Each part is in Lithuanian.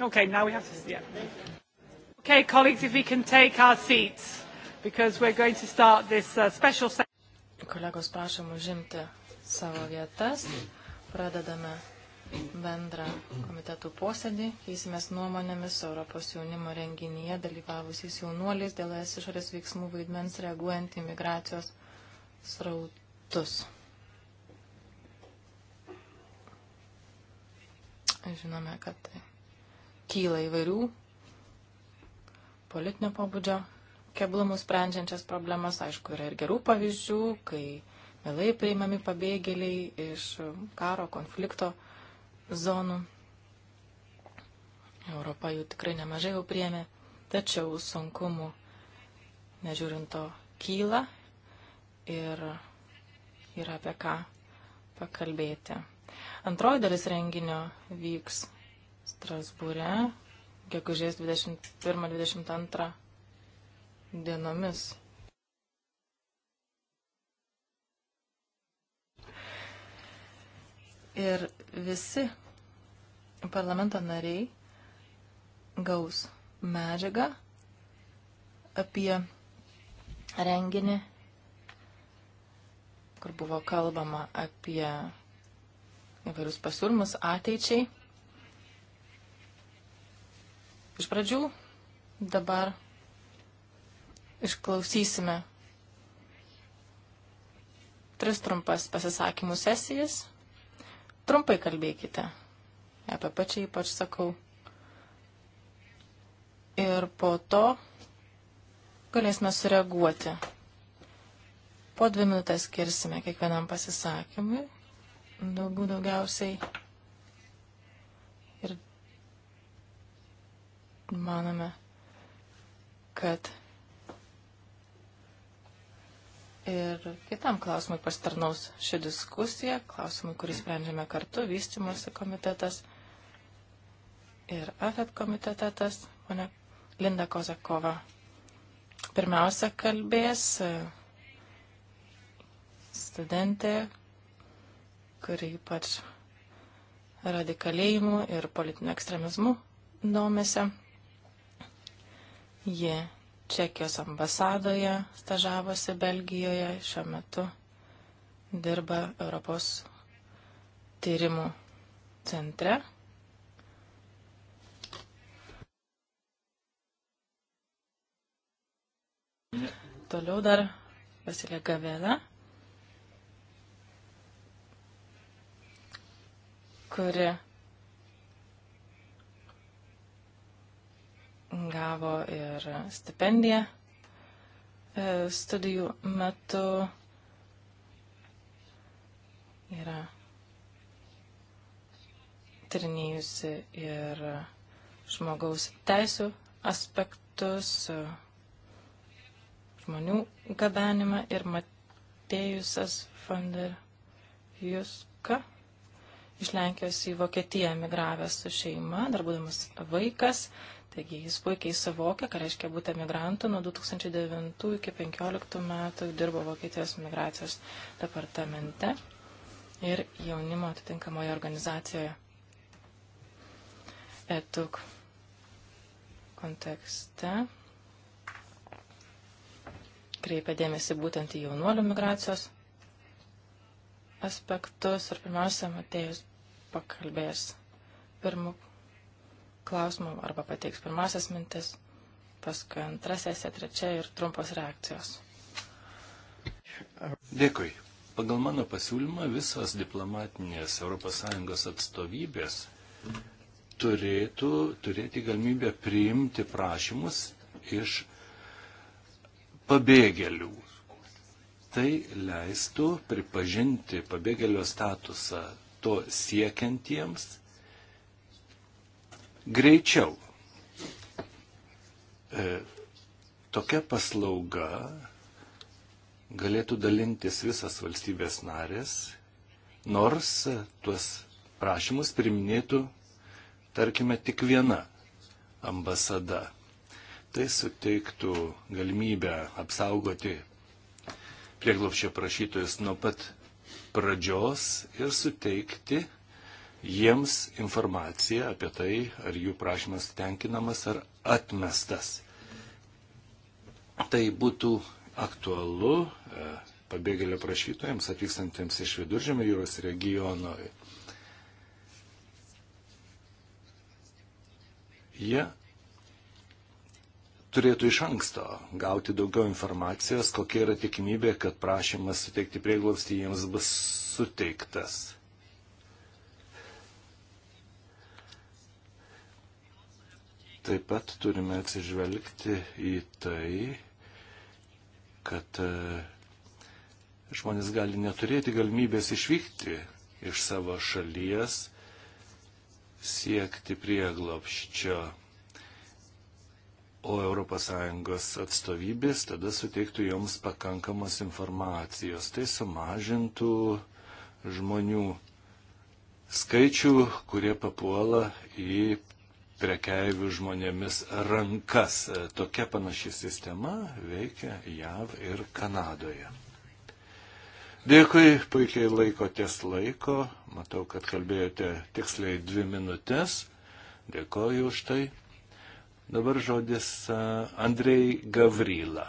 Okay, now we have to. Yeah. Okay, colleagues, if we can take our seats, because we're going to start this uh, special session. Kolegos, prašom užimti savo vietas. Pradedame bendrą komitetų posėdį. Keisimės nuomonėmis Europos jaunimo renginyje dalyvavusiais jaunuoliais dėl es išorės veiksmų vaidmens reaguojant į migracijos srautus. Žinome, kad tai kyla įvairių politinio pobūdžio keblumų sprendžiančias problemas. Aišku, yra ir gerų pavyzdžių, kai vėlai priimami pabėgėliai iš karo konflikto zonų. Europa jų tikrai nemažai jau priemė, tačiau sunkumų nežiūrint to kyla ir yra apie ką pakalbėti. Antroji dalis renginio vyks Strasbūre, gegužės 21-22 dienomis. Ir visi parlamento nariai gaus medžiagą apie renginį, kur buvo kalbama apie įvairius pasiūlymus ateičiai iš pradžių. Dabar išklausysime tris trumpas pasisakymų sesijas. Trumpai kalbėkite. Apie pačią ypač sakau. Ir po to galėsime sureaguoti. Po dvi minutės skirsime kiekvienam pasisakymui. Daugų daugiausiai manome, kad ir kitam klausimui pasitarnaus ši diskusija, klausimui, kurį sprendžiame kartu, vystimosi komitetas ir AFET komitetas, ponia Linda Kozakova. Pirmiausia kalbės e, studentė, kuri ypač radikalėjimu ir politiniu ekstremizmu domėsi Ji Čekijos ambasadoje stažavosi Belgijoje, šiuo metu dirba Europos tyrimų centre. Toliau dar Vasilė Gavela, kuri gavo ir stipendiją e, studijų metu. Yra tyrinėjusi ir žmogaus teisų aspektus, žmonių gabenimą ir Matėjusas van der Juska iš Lenkijos į Vokietiją emigravęs su šeima, dar būdamas vaikas, Taigi jis puikiai savokia, ką reiškia būti emigrantu. Nuo 2009 iki 2015 metų dirbo Vokietijos migracijos departamente ir jaunimo atitinkamoje organizacijoje. ETUK kontekste kreipia dėmesį būtent į jaunuolių migracijos aspektus ir pirmiausia, Matėjus pakalbės pirmų klausimų arba pateiks pirmasis mintis, paskui antra sesija, trečia ir trumpos reakcijos. Dėkui. Pagal mano pasiūlymą visos diplomatinės ES atstovybės turėtų turėti galimybę priimti prašymus iš pabėgėlių. Tai leistų pripažinti pabėgėlio statusą to siekiantiems greičiau. E, tokia paslauga galėtų dalintis visas valstybės narės, nors tuos prašymus priminėtų, tarkime, tik viena ambasada. Tai suteiktų galimybę apsaugoti prieglopščio prašytojus nuo pat pradžios ir suteikti jiems informaciją apie tai, ar jų prašymas tenkinamas ar atmestas. Tai būtų aktualu e, pabėgėlio prašytojams atvykstantiems iš viduržėmio jūros regiono. Jie turėtų iš anksto gauti daugiau informacijos, kokia yra tikimybė, kad prašymas suteikti prieglobstį jiems bus suteiktas. Taip pat turime atsižvelgti į tai, kad e, žmonės gali neturėti galimybės išvykti iš savo šalies, siekti prieglopščio, o ES atstovybės tada suteiktų joms pakankamos informacijos. Tai sumažintų žmonių skaičių, kurie papuola į prekeivių žmonėmis rankas. Tokia panaši sistema veikia JAV ir Kanadoje. Dėkui, puikiai laikotės laiko. Matau, kad kalbėjote tiksliai dvi minutės. Dėkoju už tai. Dabar žodis Andrei Gavryla.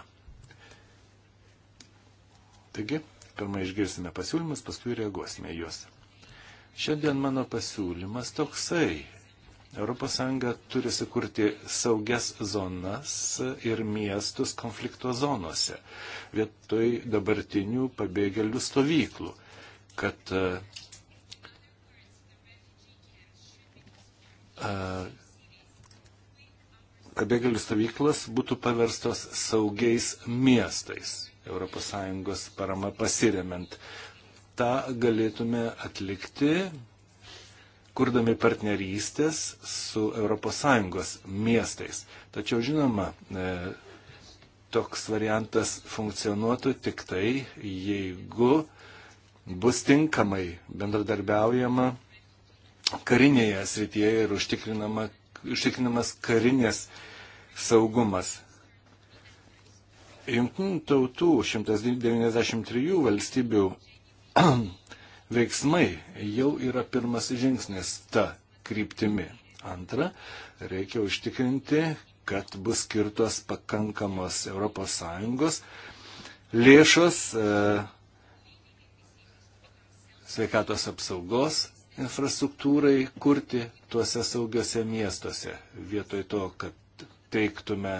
Taigi, pirmą išgirsime pasiūlymus, paskui reaguosime juos. Šiandien mano pasiūlymas toksai. ES turi sukurti saugias zonas ir miestus konflikto zonose vietoj dabartinių pabėgėlių stovyklų, kad e, e, pabėgėlių stovyklos būtų paverstos saugiais miestais. ES parama pasiremiant. Ta galėtume atlikti kurdami partnerystės su ES miestais. Tačiau, žinoma, e, toks variantas funkcionuotų tik tai, jeigu bus tinkamai bendradarbiaujama karinėje srityje ir užtikrinama, užtikrinamas karinės saugumas. Junktinių tautų 193 valstybių veiksmai jau yra pirmas žingsnis ta kryptimi. Antra, reikia užtikrinti, kad bus skirtos pakankamos ES lėšos e, sveikatos apsaugos infrastruktūrai kurti tuose saugiuose miestuose, vietoj to, kad teiktume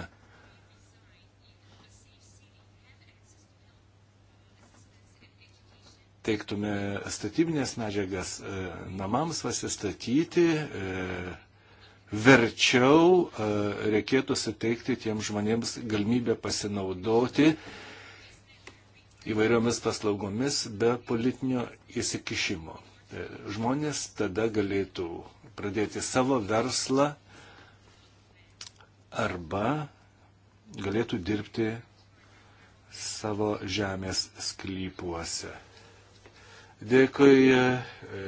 teiktume statybinės medžiagas e, namams pasistatyti, e, verčiau e, reikėtų suteikti tiem žmonėms galimybę pasinaudoti įvairiomis paslaugomis be politinio įsikišimo. Žmonės tada galėtų pradėti savo verslą arba galėtų dirbti savo žemės sklypuose. Dėkui, e,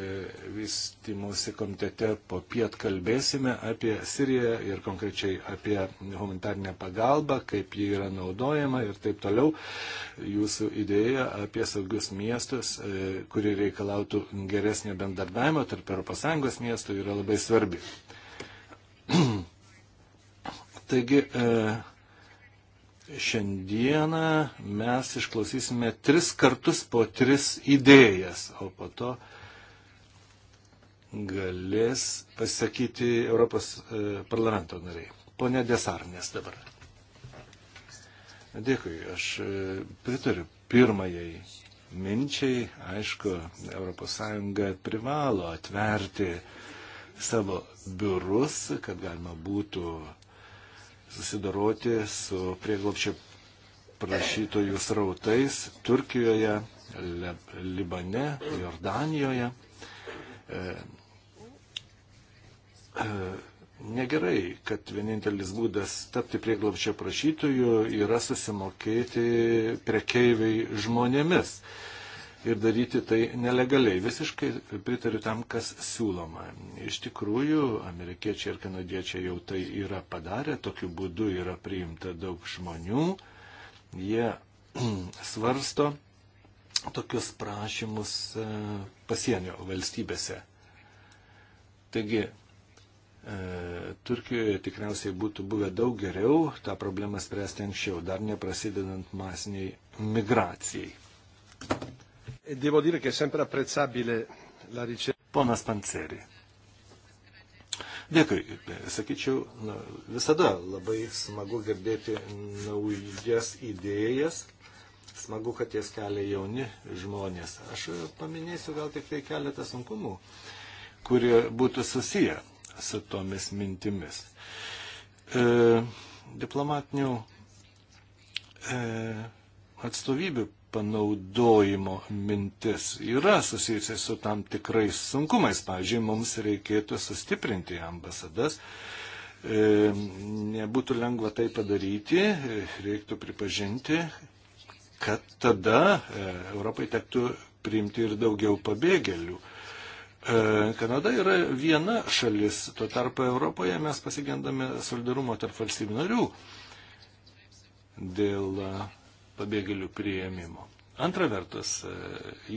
vystimusi komitete po piet kalbėsime apie Siriją ir konkrečiai apie humanitarinę pagalbą, kaip ji yra naudojama ir taip toliau. Jūsų idėja apie saugius miestus, e, kuri reikalautų geresnio bendarbiavimo tarp ES miestų, yra labai svarbi. Taigi, e, Šiandieną mes išklausysime tris kartus po tris idėjas, o po to galės pasakyti Europos e, parlamento nariai. Pone Desarnės dabar. Dėkui, aš e, pritariu pirmajai minčiai. Aišku, ES privalo atverti savo biurus, kad galima būtų susidoroti su prieglopčio prašytojų srautais Turkijoje, Libane, Jordanijoje. E, e, negerai, kad vienintelis būdas tapti prieglopčio prašytojų yra susimokėti prekeiviai žmonėmis ir daryti tai nelegaliai. Visiškai pritariu tam, kas siūloma. Iš tikrųjų, amerikiečiai ir kanadiečiai jau tai yra padarę, tokiu būdu yra priimta daug žmonių. Jie svarsto tokius prašymus e, pasienio valstybėse. Taigi, e, Turkijoje tikriausiai būtų buvę daug geriau tą problemą spręsti anksčiau, dar neprasidedant masiniai migracijai. E devo dire che è sempre apprezzabile la ricerca. Ponas Panceri. Dėkui, sakyčiau, visada labai smagu girdėti naujas idėjas, smagu, kad jas kelia jauni žmonės. Aš paminėsiu gal tik tai keletą sunkumų, kurie būtų susiję su tomis mintimis. E, diplomatinių e, atstovybių panaudojimo mintis yra susijusi su tam tikrais sunkumais. Pavyzdžiui, mums reikėtų sustiprinti ambasadas. E, nebūtų lengva tai padaryti, e, reiktų pripažinti, kad tada e, Europai tektų priimti ir daugiau pabėgėlių. Kanada yra viena šalis, tuo tarpu Europoje mes pasigendame solidarumo tarp valstybių narių dėl pabėgėlių prieimimo. Antra vertus, e,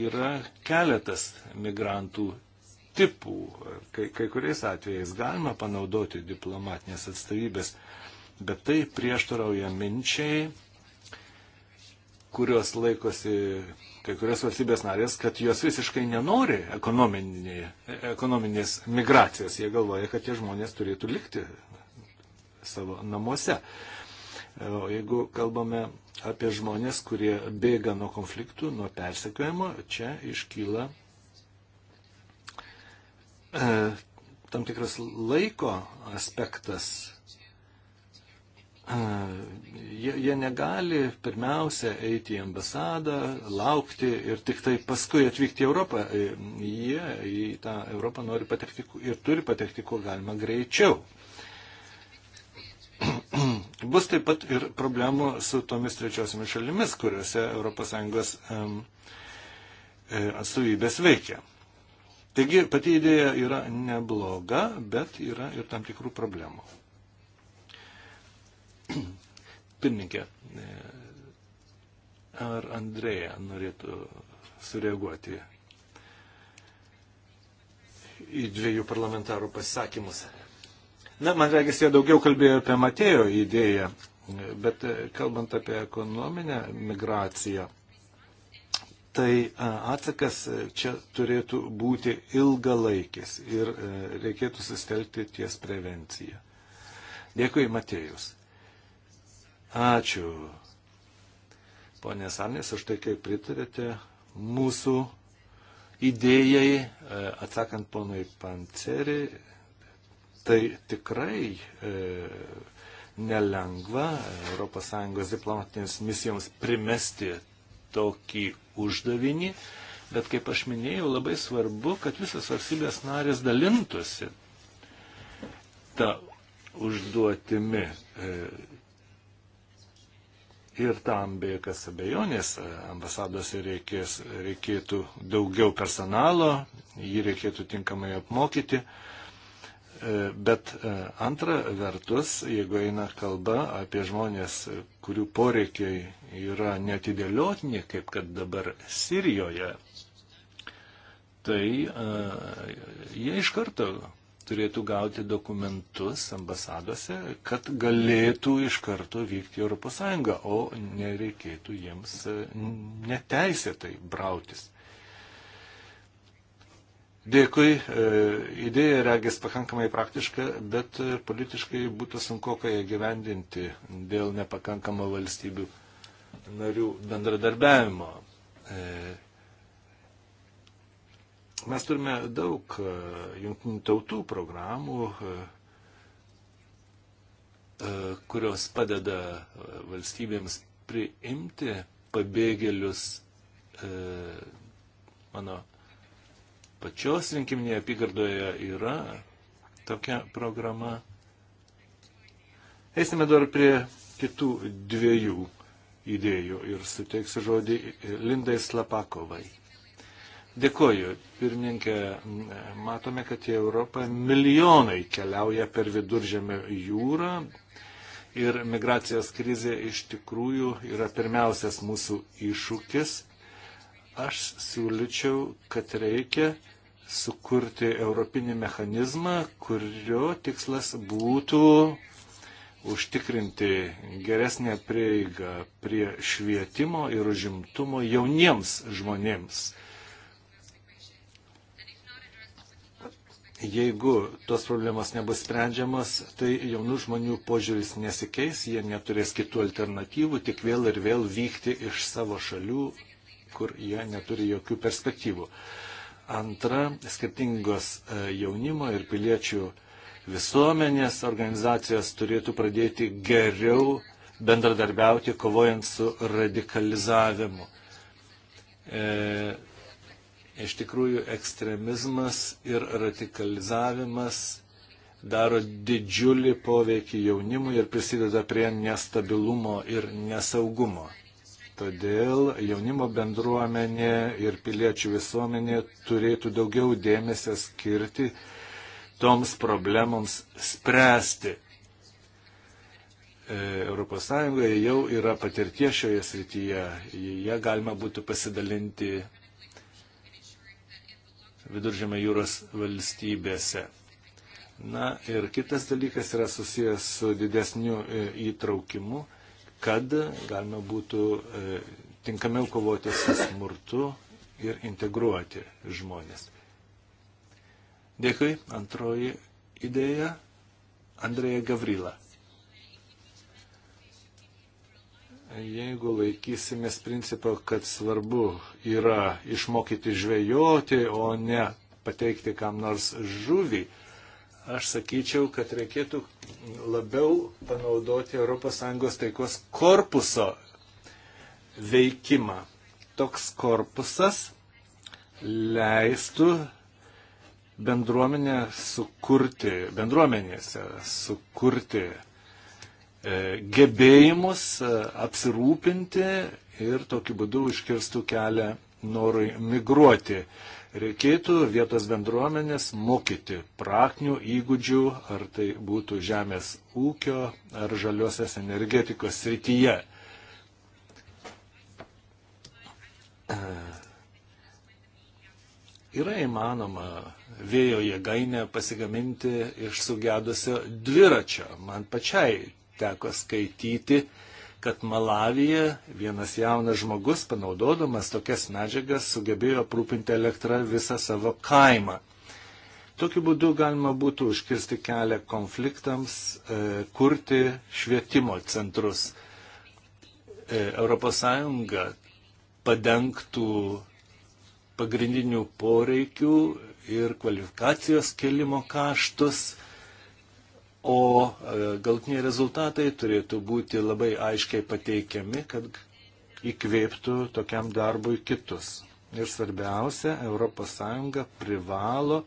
yra keletas migrantų tipų. Kai, kai kuriais atvejais galima panaudoti diplomatinės atstovybės, bet tai prieštarauja minčiai, kurios laikosi kai kurios valstybės narės, kad jos visiškai nenori ekonominės migracijos. Jie galvoja, kad tie žmonės turėtų likti savo namuose. O jeigu kalbame apie žmonės, kurie bėga nuo konfliktų, nuo persekiojimo, čia iškyla e, tam tikras laiko aspektas. E, jie, jie negali pirmiausia eiti į ambasadą, laukti ir tik tai paskui atvykti į Europą. E, jie į tą Europą nori patekti ir turi patekti kuo galima greičiau. Bus taip pat ir problemų su tomis trečiosiomis šalimis, kuriuose ES e, atstovybės veikia. Taigi pati idėja yra nebloga, bet yra ir tam tikrų problemų. Pirmininkė, e, ar Andrėja norėtų sureaguoti į dviejų parlamentarų pasisakymus? Na, man regis, jie daugiau kalbėjo apie Matėjo idėją, bet e, kalbant apie ekonominę migraciją, tai e, atsakas e, čia turėtų būti ilgalaikis ir reikėtų sustelkti ties prevenciją. Dėkui, Matėjus. Ačiū, ponė Sarnės, už tai, kaip pritarėte mūsų idėjai, atsakant ponui Panceri Tai tikrai e, nelengva ES diplomatinėms misijoms primesti tokį uždavinį, bet kaip aš minėjau, labai svarbu, kad visas valstybės narės dalintųsi tą užduotimi. E, ir tam be jokios abejonės ambasadose reikės, reikėtų daugiau personalo, jį reikėtų tinkamai apmokyti. E, E, bet e, antra vertus, jeigu eina kalba apie žmonės, kurių poreikiai yra netidėliotini, kaip kad dabar Sirijoje, tai a, e, jie iš karto turėtų gauti dokumentus ambasadose, kad galėtų iš karto vykti į ES, o nereikėtų jiems neteisėtai brautis. Dėkui, e, idėja regis pakankamai praktiška, bet e, politiškai būtų sunku ją gyvendinti dėl nepakankamo valstybių narių bendradarbiavimo. E, mes turime daug jungtinių tautų programų, kurios padeda valstybėms priimti pabėgėlius mano pačios rinkiminėje apygardoje yra tokia programa. Eisime dar prie kitų dviejų idėjų ir suteiksiu žodį Lindai Slapakovai. Dėkoju, pirmininkė, matome, kad į Europą milijonai keliauja per viduržėmio jūrą ir migracijos krizė iš tikrųjų yra pirmiausias mūsų iššūkis. Aš siūlyčiau, kad reikia sukurti europinį mechanizmą, kurio tikslas būtų užtikrinti geresnę prieigą prie švietimo ir užimtumo jauniems žmonėms. Jeigu tos problemos nebus sprendžiamas, tai jaunų žmonių požiūris nesikeis, jie neturės kitų alternatyvų, tik vėl ir vėl vykti iš savo šalių, kur jie neturi jokių perspektyvų. Uh, Antra, skirtingos e, jaunimo ir piliečių visuomenės organizacijos turėtų pradėti geriau bendradarbiauti, kovojant su radikalizavimu. E, iš tikrųjų, ekstremizmas ir radikalizavimas daro didžiulį poveikį jaunimui ir prisideda prie nestabilumo ir nesaugumo. Todėl jaunimo bendruomenė ir piliečių visuomenė turėtų daugiau dėmesio skirti toms problemoms spręsti. ES jau yra patirtie šioje srityje, ją galima būtų pasidalinti viduržėme jūros valstybėse. Na ir kitas dalykas yra susijęs su didesniu e, įtraukimu kad galima būtų e, tinkamiau kovoti su smurtu ir integruoti žmonės. Dėkui. Antroji idėja - Andrėja Gavrila. Jeigu laikysimės principo, kad svarbu yra išmokyti žvejoti, o ne pateikti kam nors žuvį, Aš sakyčiau, kad reikėtų labiau panaudoti ES taikos korpuso veikimą. Toks korpusas leistų bendruomenę sukurti, bendruomenėse sukurti e, gebėjimus e, apsirūpinti ir tokiu būdu užkirstų kelią norui migruoti. Reikėtų vietos bendruomenės mokyti praktinių įgūdžių, ar tai būtų žemės ūkio ar žaliosios energetikos srityje. E, yra įmanoma vėjo jėgainę pasigaminti iš sugedusio dviračio. Man pačiai teko skaityti kad Malavija vienas jaunas žmogus, panaudodamas tokias medžiagas, sugebėjo aprūpinti elektrą visą savo kaimą. Tokiu būdu galima būtų užkirsti kelią konfliktams, e, kurti švietimo centrus. E, ES padengtų pagrindinių poreikių ir kvalifikacijos kelimo kaštus o e, galtiniai rezultatai turėtų būti labai aiškiai pateikiami, kad įkvėptų tokiam darbui kitus. Ir svarbiausia, ES privalo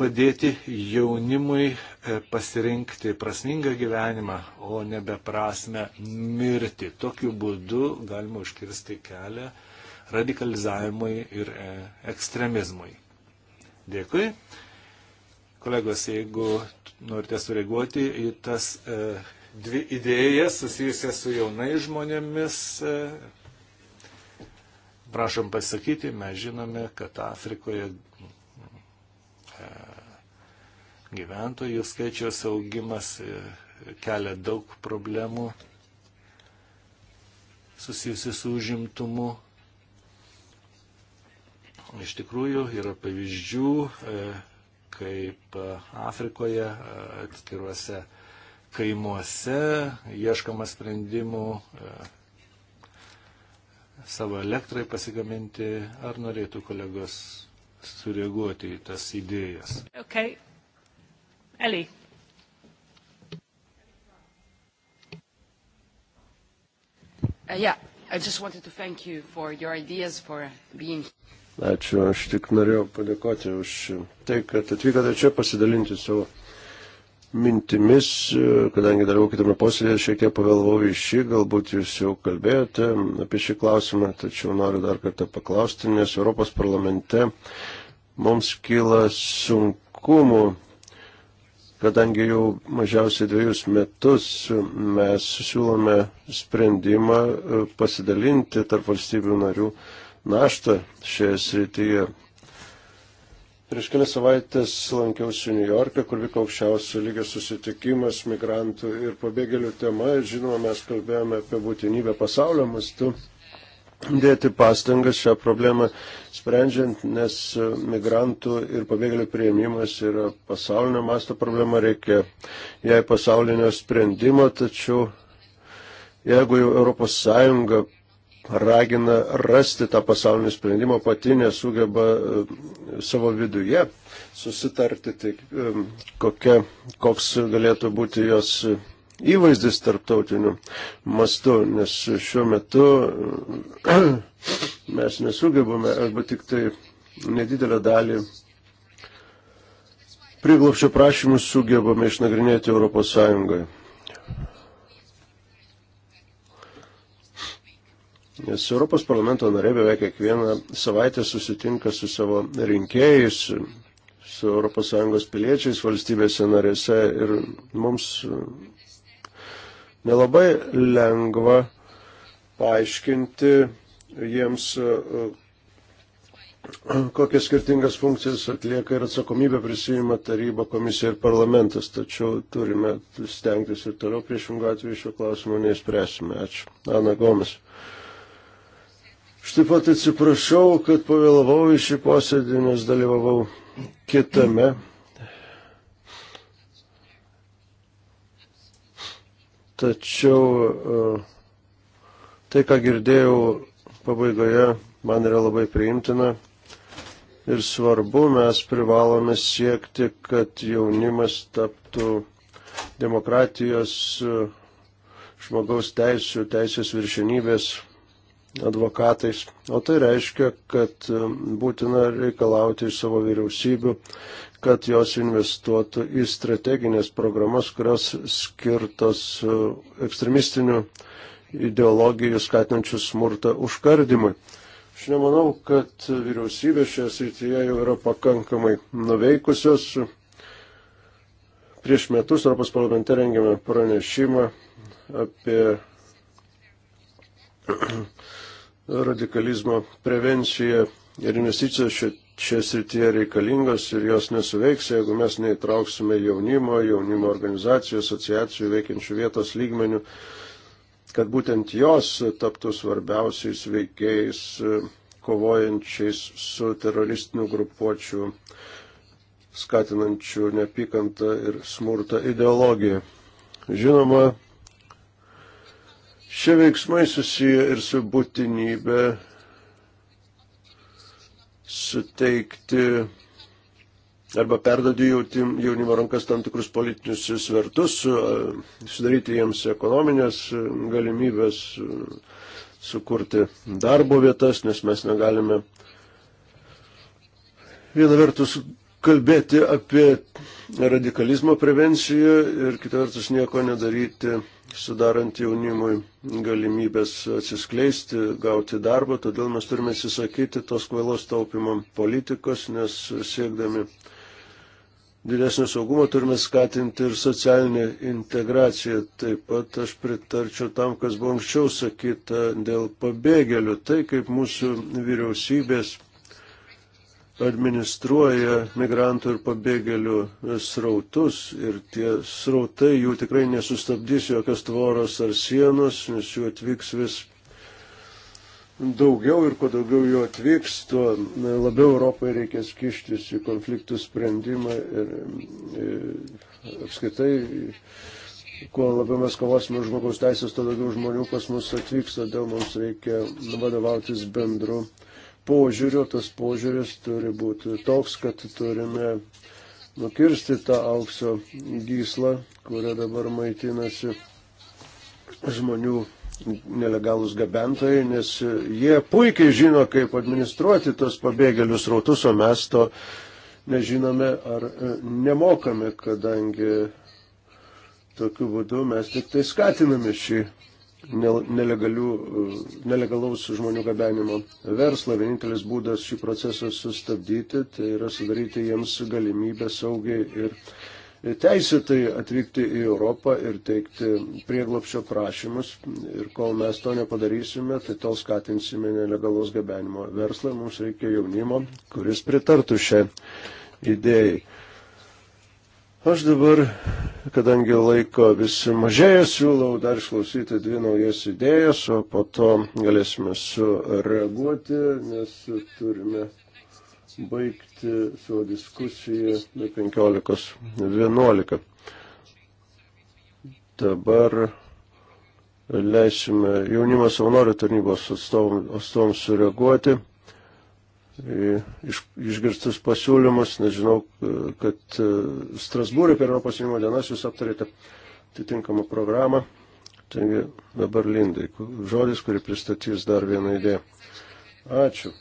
padėti jaunimui e, pasirinkti prasmingą gyvenimą, o ne beprasme mirti. Tokiu būdu galima užkirsti kelią radikalizavimui ir e, ekstremizmui. Dėkui. Kolegos, jeigu norite sureaguoti į tas e, dvi idėjas susijusias su jaunai žmonėmis. E, prašom pasakyti, mes žinome, kad Afrikoje e, gyventojų skaičiaus augimas e, kelia daug problemų susijusi su užimtumu. Iš tikrųjų yra pavyzdžių. E, kaip e, Afrikoje, e, atskiruose kaimuose, ieškama sprendimų e, savo elektrai pasigaminti, ar norėtų kolegos sureaguoti į tas idėjas. Okay. Eli. Uh, yeah, I just wanted to thank you for your ideas, for being here. Ačiū, aš tik norėjau padėkoti už tai, kad atvykote čia pasidalinti savo mintimis, kadangi dar kitame posėdėje šiek tiek pavėlavau į šį, galbūt jūs jau kalbėjote apie šį klausimą, tačiau noriu dar kartą paklausti, nes Europos parlamente mums kyla sunkumų, kadangi jau mažiausiai dviejus metus mes siūlome sprendimą pasidalinti tarp valstybių narių naštą šioje srityje. Prieš kelias savaitės lankiausi New York'e, kur vyko aukščiausio lygio susitikimas migrantų ir pabėgėlių tema. Žinoma, mes kalbėjome apie būtinybę pasaulio mastu dėti pastangas šią problemą sprendžiant, nes migrantų ir pabėgėlių prieimimas yra pasaulinio masto problema, reikia jai pasaulinio sprendimo, tačiau jeigu jau ES ragina rasti tą pasaulinį sprendimą, pati nesugeba e, savo viduje susitarti, tai e, kokia, koks galėtų būti jos įvaizdis tarptautiniu mastu, nes šiuo metu e, mes nesugebame arba tik tai nedidelę dalį priglopščio prašymus sugebame išnagrinėti Europos Sąjungoje. Nes Europos parlamento nariai beveik kiekvieną savaitę susitinka su savo rinkėjais, su ES piliečiais valstybėse narėse ir mums nelabai lengva paaiškinti jiems, kokias skirtingas funkcijas atlieka ir atsakomybę prisijima taryba, komisija ir parlamentas. Tačiau turime stengtis ir toliau priešingų atveju šio klausimo neįspręsime. Ačiū. Ana Gomes. Aš taip pat atsiprašau, kad pavėlavau į šį posėdį, nes dalyvavau kitame. Tačiau e, tai, ką girdėjau pabaigoje, man yra labai priimtina ir svarbu, mes privalome siekti, kad jaunimas taptų demokratijos, e, žmogaus teisų, teisės viršenybės advokatais. O tai reiškia, kad e, būtina reikalauti iš savo vyriausybių, kad jos investuotų į strateginės programas, kurios skirtos e, ekstremistinių ideologijų skatinančių smurtą užkardimui. Aš nemanau, kad vyriausybė šioje srityje jau yra pakankamai nuveikusios. Prieš metus Europos parlamente rengėme pranešimą apie radikalizmo prevencija ir investicijos šia, šia srityje reikalingos ir jos nesuveiks, jeigu mes neįtrauksime jaunimo, jaunimo organizacijų, asociacijų veikiančių vietos lygmenių, kad būtent jos taptų svarbiausiais veikėjais kovojančiais su teroristinių grupuočių skatinančių nepykantą ir smurtą ideologiją. Žinoma, Šie veiksmai susiję ir su būtinybė suteikti arba perduoti jaunimo rankas tam tikrus politinius svertus, sudaryti jiems ekonominės galimybės, sukurti darbo vietas, nes mes negalime viena vertus kalbėti apie radikalizmo prevenciją ir kitą vertus nieko nedaryti, sudarant jaunimui galimybės atsiskleisti, gauti darbą. Todėl mes turime atsisakyti tos kvailos taupimo politikos, nes siekdami didesnio saugumo turime skatinti ir socialinę integraciją. Taip pat aš pritarčiau tam, kas buvo anksčiau sakyta dėl pabėgėlių. Tai kaip mūsų vyriausybės administruoja migrantų ir pabėgėlių e, srautus ir tie srautai jų tikrai nesustabdys jokios tvoros ar sienos, nes jų atvyks vis daugiau ir kuo daugiau jų atvyks, tuo e, labiau Europai reikės kištis į konfliktų sprendimą ir, ir e, apskaitai. Kuo labiau mes kovosime žmogaus teisės, tuo daugiau žmonių pas mus atvyks, todėl mums reikia vadovautis bendru uh, požiūrio, tas požiūris turi būti toks, kad turime nukirsti tą aukso gyslą, kurią dabar maitinasi žmonių nelegalus gabentojai, nes jie puikiai žino, kaip administruoti tos pabėgėlius rautus, o mes to nežinome ar e, nemokame, kadangi tokiu būdu mes tik tai skatiname šį E, nelegalaus žmonių gabenimo verslą. Vienintelis būdas šį procesą sustabdyti, tai yra sudaryti jiems galimybę saugiai ir teisėtai atvykti į Europą ir teikti prieglopščio prašymus. Ir kol mes to nepadarysime, tai tol skatinsime nelegalaus gabenimo verslą. Mums reikia jaunimo, kuris pritartų šią idėją. Aš dabar, kadangi laiko vis mažėja, siūlau dar išklausyti dvi naujas idėjas, o po to galėsime sureaguoti, nes turime baigti savo diskusiją 15.11. Dabar leisime jaunimo savanorių tarnybos atstovams sureaguoti iš, išgirstus pasiūlymus, nežinau, kad e, Strasbūrė per Europos jaunimo dienas jūs aptarėte atitinkamą programą. Taigi dabar Lindai, žodis, kurį pristatys dar vieną idėją. Ačiū.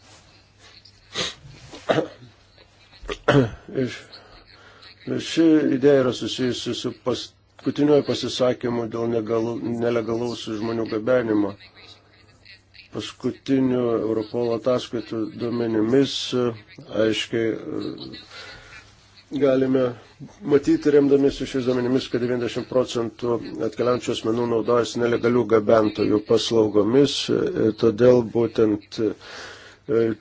Iš, ši idėja yra susijusi su paskutiniuoju pasisakymu dėl negalu, nelegalaus žmonių gabenimo paskutinių Europolo ataskaitų duomenimis aiškiai galime matyti, remdamiesi šiais duomenimis, kad 90 procentų atkeliaujančių asmenų naudojasi nelegalių gabentojų paslaugomis, todėl būtent e,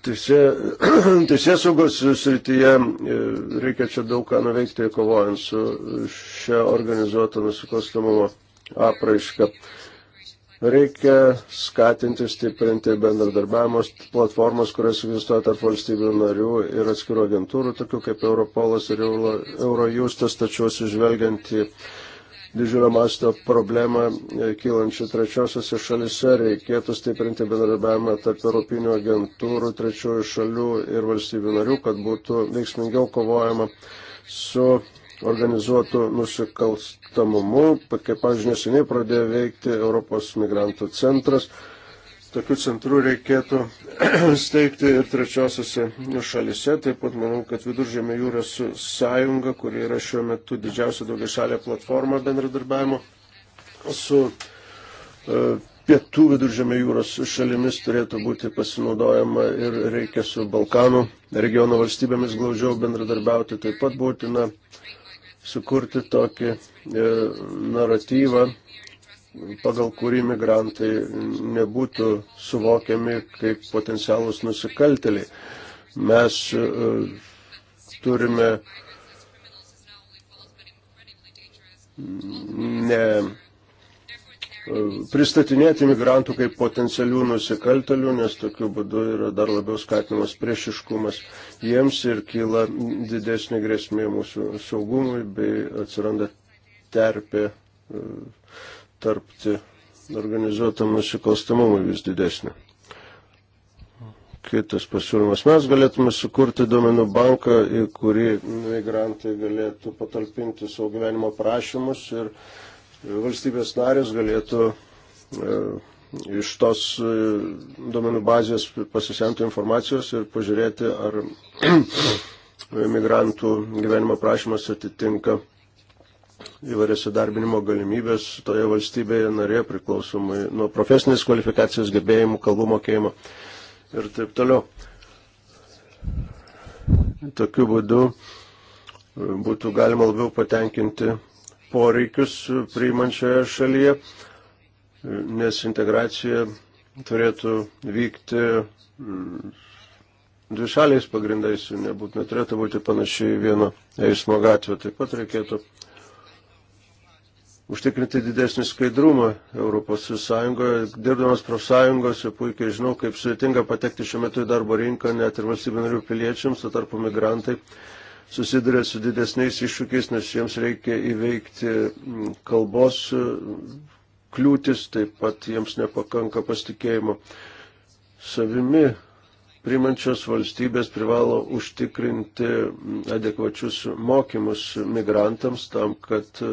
teisės saugos srityje e, reikia čia daug ką nuveikti, kovojant su šią organizuotą nusikalstamumo apraišką. Reikia skatinti, stiprinti bendradarbiavimus platformas, kurias egzistuoja tarp valstybių narių ir atskirų agentūrų, tokių kaip Europolas ir Eurojustas, tačiau sužvelgiant į didžiulio masto problemą e, kylančią trečiosiose šalise, reikėtų stiprinti bendradarbiavimą tarp Europinių agentūrų, trečiųjų šalių ir valstybių narių, kad būtų veiksmingiau kovojama su organizuotų nusikalstamumu, kaip, pavyzdžiui, neseniai pradėjo veikti Europos migrantų centras. Tokių centrų reikėtų steigti ir trečiosiose šalise. Taip pat manau, kad Viduržėmė jūros sąjunga, kuri yra šiuo metu didžiausia daugia šalė platforma bendradarbiavimo su e, pietų viduržėmė jūros šalimis turėtų būti pasinaudojama ir reikia su Balkanų regiono valstybėmis glaudžiau bendradarbiauti. Taip pat būtina sukurti tokį e, naratyvą, pagal kurį migrantai nebūtų suvokiami kaip potencialus nusikalteliai. Mes e, turime ne pristatinėti imigrantų kaip potencialių nusikaltelių, nes tokiu būdu yra dar labiau skatinamas priešiškumas jiems ir kyla didesnė grėsmė mūsų saugumui bei atsiranda terpė e, tarpti organizuotam nusikalstamumui vis didesnė. Kitas pasiūlymas. Mes galėtume sukurti duomenų banką, į kurį migrantai galėtų patalpinti savo gyvenimo prašymus ir uh, valstybės narės galėtų e, iš tos e, duomenų bazės pasisemti informacijos ir pažiūrėti, ar migrantų gyvenimo prašymas atitinka įvairias įdarbinimo galimybės toje valstybėje narėje priklausomai nuo profesinės kvalifikacijos gebėjimų, kalbų mokėjimo ir taip toliau. Tokiu būdu e, būtų galima labiau patenkinti poreikius priimančioje šalyje, nes integracija turėtų vykti mm, dvišaliais pagrindais, nebūtinai turėtų būti panašiai vieno eismo gatvė. Taip pat reikėtų užtikrinti didesnį skaidrumą Europos Sąjungoje. Dirbdamas profsąjungose puikiai žinau, kaip sudėtinga patekti šiuo metu į darbo rinką net ir valstybių narių piliečiams, o tarpu migrantai susiduria su didesniais iššūkiais, nes jiems reikia įveikti mm, kalbos e, kliūtis, taip pat jiems nepakanka pasitikėjimo savimi. Primančios valstybės privalo užtikrinti mm, adekvačius mokymus migrantams tam, kad uh,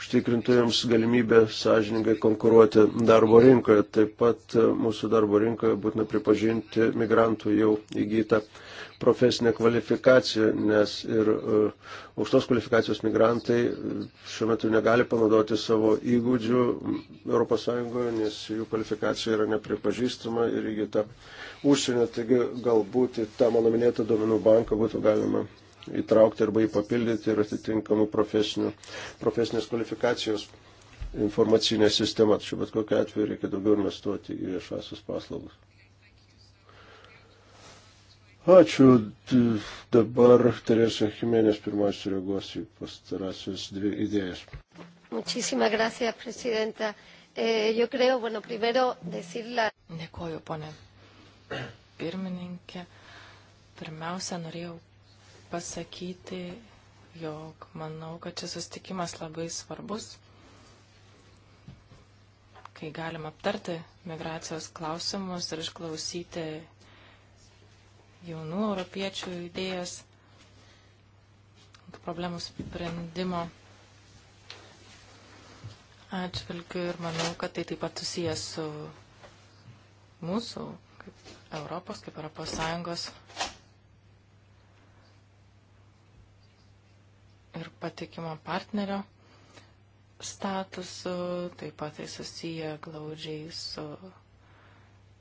užtikrintų jiems galimybę sąžiningai konkuruoti darbo rinkoje. Taip pat e, mūsų darbo rinkoje būtina pripažinti migrantų jau įgytą profesinę kvalifikaciją, nes ir uh, aukštos kvalifikacijos migrantai e, šiuo metu negali panaudoti savo įgūdžių ES, nes jų kvalifikacija yra nepripažįstama ir įgyta užsienio. Taigi galbūt į tą mano minėtą duomenų banką būtų galima įtraukti arba jį papildyti ir atitinkamų profesinės kvalifikacijos informacinė sistema. Tačiau bet kokiu atveju reikia daugiau investuoti į viešasias paslaugas. Ačiū. Dabar Teresa Jimenez pirmąjį sureaguos į pastarasias dvi idėjas. Muchísimas gracias, presidenta. Eh, yo creo, bueno, primero decirla. Dėkoju, ponė pirmininkė. Pirmiausia, norėjau pasakyti, jog manau, kad šis sustikimas labai svarbus, kai galim aptarti migracijos klausimus ir išklausyti jaunų europiečių idėjas problemų sprendimo atžvilgiu ir manau, kad tai taip pat susijęs su mūsų kaip Europos, kaip Europos Sąjungos ir patikimo partnerio statusu, taip pat tai susiję glaudžiai su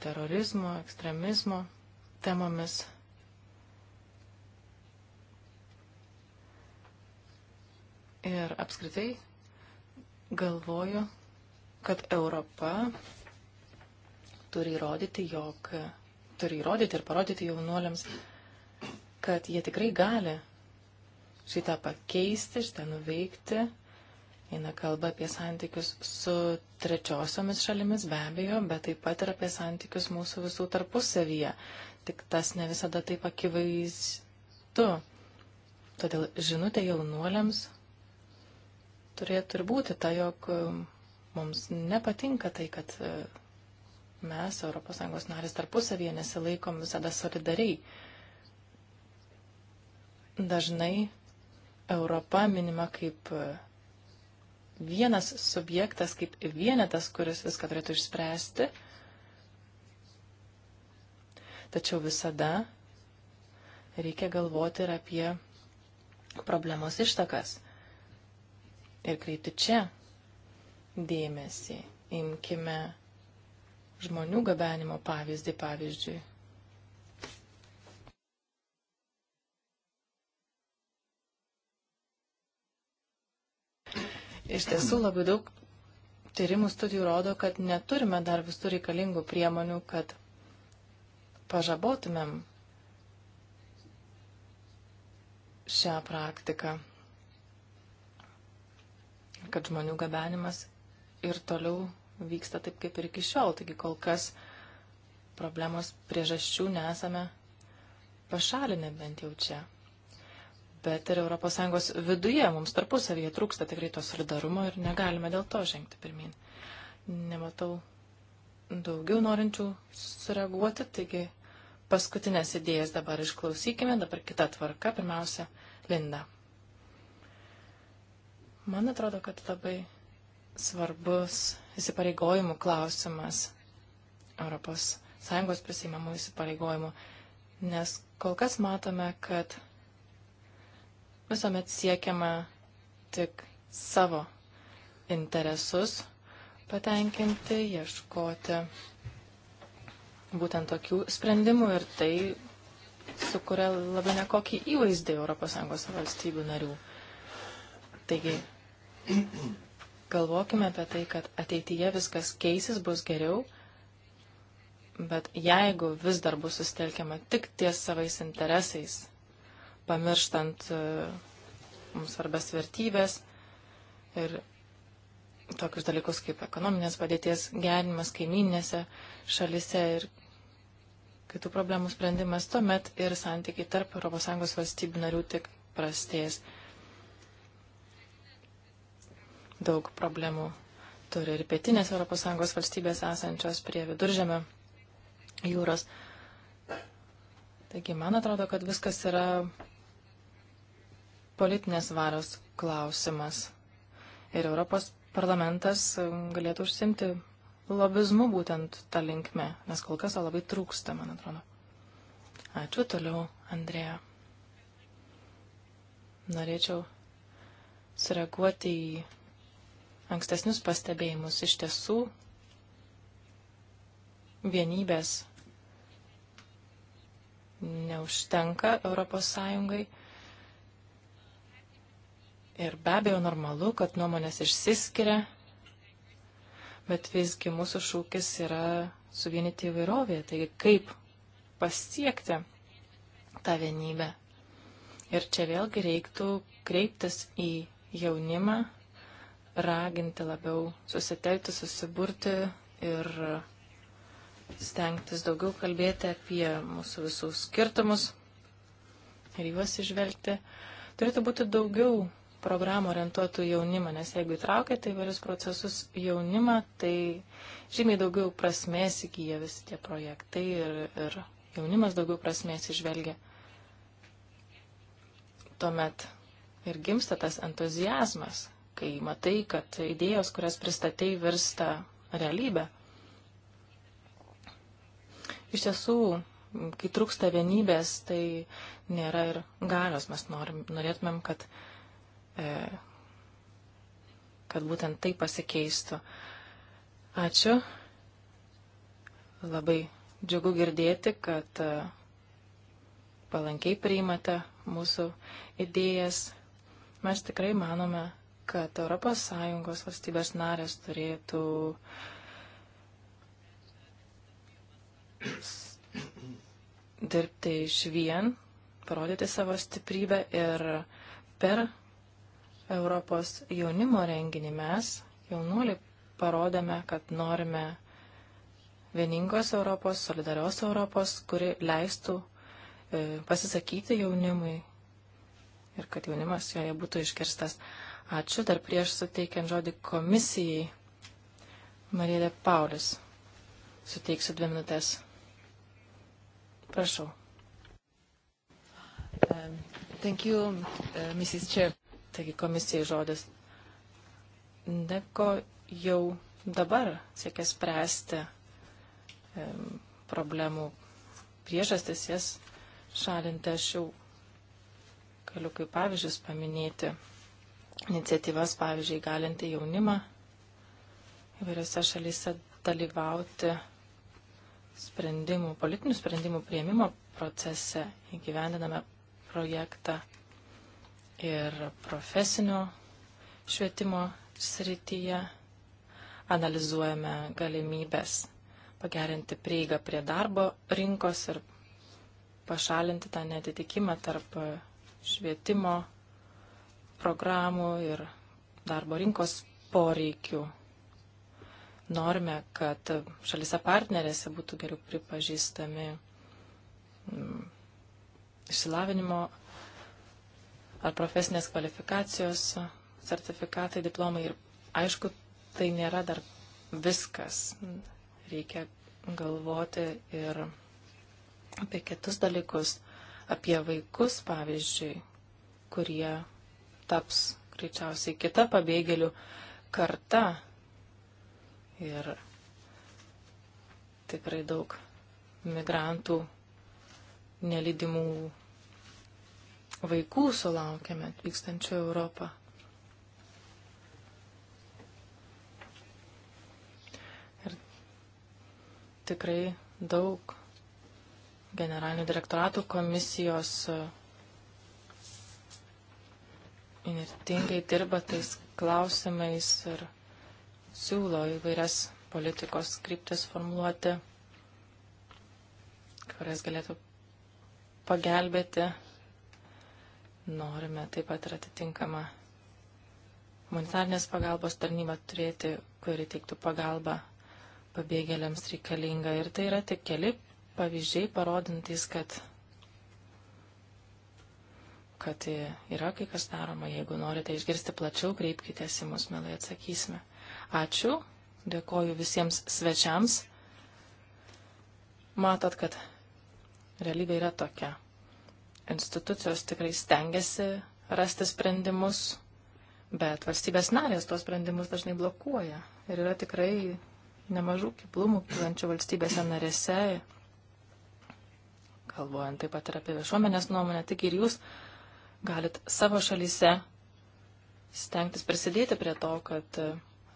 terorizmo, ekstremizmo temomis. Ir apskritai galvoju, kad Europa turi įrodyti, jog turi įrodyti ir parodyti jaunuoliams, kad jie tikrai gali šitą pakeisti, šitą nuveikti. Eina kalba apie santykius su trečiosiomis šalimis be abejo, bet taip pat ir apie santykius mūsų visų tarpusavyje. Tik tas ne visada taip akivaizdu. Todėl žinutė jaunuoliams turėtų ir būti ta, jog um, mums nepatinka tai, kad uh, mes, ES narės, tarpusavyje nesilaikom visada solidariai. Dažnai Europa minima kaip e, vienas subjektas, kaip vienetas, kuris viską turėtų išspręsti. Tačiau visada reikia galvoti ir apie problemos ištakas. Ir kreipti čia dėmesį. Imkime žmonių gabenimo pavyzdį, pavyzdžiui. Iš tiesų labai daug tyrimų studijų rodo, kad neturime dar visų reikalingų priemonių, kad pažabotumėm šią praktiką, kad žmonių gabenimas ir toliau vyksta taip kaip ir iki šiol. Taigi kol kas problemos priežasčių nesame pašalinę bent jau čia bet ir ES viduje mums tarpusavyje trūksta tikrai to solidarumo ir negalime dėl to žengti pirmin. Nematau daugiau norinčių sureaguoti, taigi paskutinės idėjas dabar išklausykime, dabar kita tvarka, pirmiausia, Linda. Man atrodo, kad labai svarbus įsipareigojimų klausimas Europos Sąjungos prisimamų įsipareigojimų, nes kol kas matome, kad visuomet siekiama tik savo interesus patenkinti, ieškoti būtent tokių sprendimų ir tai sukuria labai nekokį įvaizdį ES valstybių narių. Taigi, galvokime apie tai, kad ateityje viskas keisis, bus geriau, bet jeigu vis dar bus sustelkiama tik ties savais interesais pamirštant e, mums svarbės vertybės ir tokius dalykus kaip ekonominės padėties gerinimas kaiminėse šalise ir kitų problemų sprendimas, tuomet ir santykiai tarp ES valstybių narių tik prastės. Daug problemų turi ir pietinės ES valstybės esančios prie viduržėmio jūros. Taigi, man atrodo, kad viskas yra politinės varos klausimas. Ir Europos parlamentas galėtų užsimti lobizmu būtent tą linkmę, nes kol kas to labai trūksta, man atrodo. Ačiū toliau, Andrėja. Norėčiau sureaguoti į ankstesnius pastebėjimus. Iš tiesų, vienybės neužtenka Europos Sąjungai Ir be abejo normalu, kad nuomonės išsiskiria, bet visgi mūsų šūkis yra suvienyti įvairovėje. Taigi kaip pasiekti tą vienybę? Ir čia vėlgi reiktų kreiptis į jaunimą, raginti labiau susitelkti, susiburti ir stengtis daugiau kalbėti apie mūsų visų skirtumus ir juos išvelgti. Turėtų būti daugiau programų orientuotų jaunimą, nes jeigu įtraukiate įvairius procesus jaunimą, tai žymiai daugiau prasmės įgyja visi tie projektai ir, ir jaunimas daugiau prasmės išvelgia. Tuomet ir gimsta tas entuzijazmas, kai matai, kad idėjos, kurias pristatei, virsta realybę. Iš tiesų, kai trūksta vienybės, tai nėra ir galios. Mes norim, norėtumėm, kad uh, E, kad būtent tai pasikeistų. Ačiū. Labai džiugu girdėti, kad e, palankiai priimate mūsų idėjas. Mes tikrai manome, kad ES valstybės narės turėtų dirbti iš vien, parodyti savo stiprybę ir per Europos jaunimo renginį mes, jaunuoliai, parodėme, kad norime vieningos Europos, solidarios Europos, kuri leistų e, pasisakyti jaunimui ir kad jaunimas joje būtų iškirstas. Ačiū dar prieš suteikiant žodį komisijai. Marėlė Paulis. Suteiksiu dvi minutės. Prašau. Um, thank you, uh, Mrs. Chair. Taigi komisijai žodis. Deko jau dabar siekia spręsti e, problemų priežastis, jas šalinti aš jau galiu kaip pavyzdžius paminėti. Iniciatyvas, pavyzdžiui, galinti jaunimą įvairiose šalyse dalyvauti sprendimų, politinių sprendimų prieimimo procese įgyvendiname projektą ir profesinio švietimo srityje. Analizuojame galimybės pagerinti prieigą prie darbo rinkos ir pašalinti tą netitikimą tarp švietimo programų ir darbo rinkos poreikių. Norime, kad šalise partnerėse būtų geriau pripažįstami mm, išsilavinimo ar profesinės kvalifikacijos sertifikatai, diplomai. Ir aišku, tai nėra dar viskas. Reikia galvoti ir apie kitus dalykus, apie vaikus, pavyzdžiui, kurie taps greičiausiai kita pabėgėlių karta. Ir tikrai daug migrantų nelydimų vaikų sulaukiame atvykstančių Europą. Ir tikrai daug generalinių direktoratų komisijos inirtingai dirba tais klausimais ir siūlo įvairias politikos kryptis formuluoti, kurias galėtų pagelbėti Norime taip pat ir atitinkamą humanitarnės pagalbos tarnybą turėti, kuri teiktų pagalbą pabėgėliams reikalinga. Ir tai yra tik keli pavyzdžiai parodintys, kad, kad yra kai kas daroma. Jeigu norite išgirsti plačiau, kreipkite į mus, mielai atsakysime. Ačiū, dėkoju visiems svečiams. Matot, kad realybė yra tokia institucijos tikrai stengiasi rasti sprendimus, bet valstybės narės tuos sprendimus dažnai blokuoja. Ir yra tikrai nemažų kiplumų kylančių valstybėse narėse, kalbuojant taip pat ir apie viešuomenės nuomonę, tik ir jūs galit savo šalyse stengtis prisidėti prie to, kad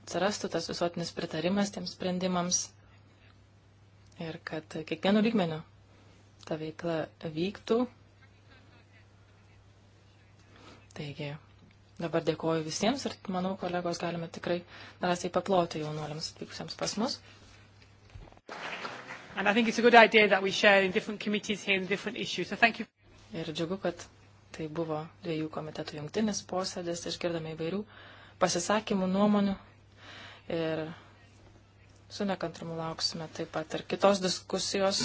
atsirastų tas visuotinis pritarimas tiems sprendimams ir kad kiekvienu lygmeniu ta veikla vyktų Taigi, dabar dėkoju visiems ir manau, kolegos, galime tikrai drąsiai paploti jaunuoliams atvykusiems pas mus. Ir džiugu, kad tai buvo dviejų komitetų jungtinis posėdis, išgirdome įvairių pasisakymų, nuomonių ir su nekantrumu lauksime taip pat ir kitos diskusijos.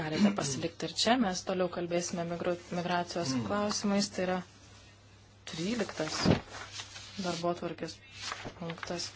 Galite pasilikti ir čia, mes toliau kalbėsime migracijos klausimais. Tai yra 13 darbo atvarkės punktas